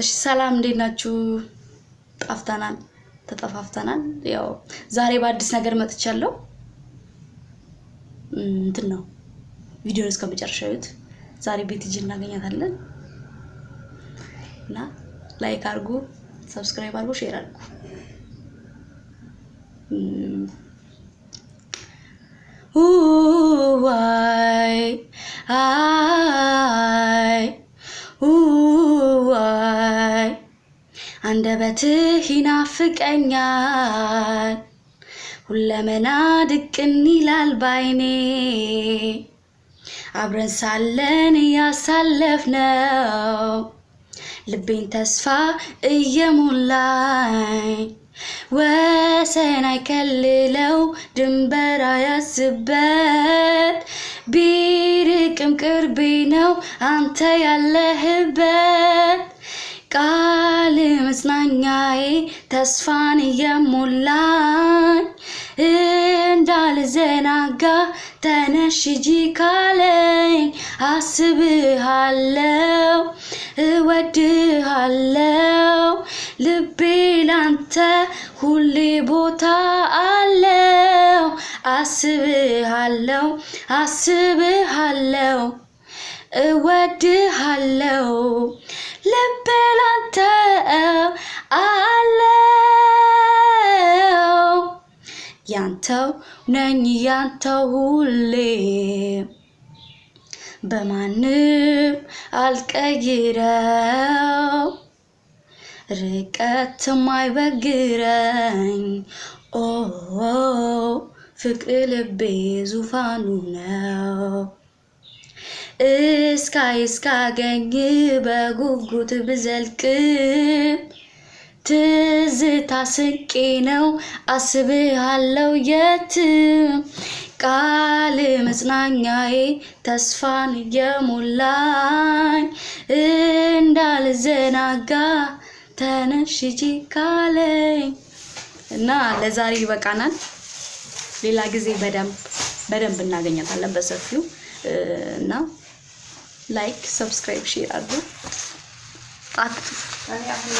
እሺ ሰላም እንዴት ናችሁ? ጠፍተናል፣ ተጠፋፍተናል። ያው ዛሬ በአዲስ ነገር መጥቻለሁ። እንትን ነው ቪዲዮን እስከ መጨረሻ እዩት። ዛሬ ቤትጂ እናገኛታለን እና ላይክ አድርጉ፣ ሰብስክራይብ አድርጉ፣ ሼር አድርጉ። ዋይ አይ አንደበትህ ይናፍቀኛል ሁለመና ድቅን ይላል ባይኔ አብረን ሳለን እያሳለፍ ነው ልቤን ተስፋ እየሞላኝ ወሰን አይከልለው ድንበር አያስበት ቢርቅም ቅርቤ ነው አንተ ያለህበት ቃል ጓደኛዬ ተስፋን እየሞላኝ እንዳልዘናጋ ተነሽ ሂጂ ካለኝ አስብሃለው እወድሃለው ልቤ ላንተ ሁሌ ቦታ አለው አስብሃለው አስብሃለው እወድሃለው ልቤ ያንተው ነኝ ያንተው ሁሌ በማንም አልቀይረው ርቀት ማይበግረኝ ኦ ፍቅር ልቤ ዙፋኑ ነው። እስካይ እስካገኝ በጉጉት ብዘልቅ ትዝታ ስንቄ ነው አስብሃለው የትም ቃል መጽናኛዬ ተስፋን የሞላኝ እንዳልዘናጋ ተነሽጂ ካለኝ እና ለዛሬ ይበቃናል። ሌላ ጊዜ በደንብ በደንብ እናገኛታለን በሰፊው እና ላይክ፣ ሰብስክራይብ፣ ሼር አድርጉ።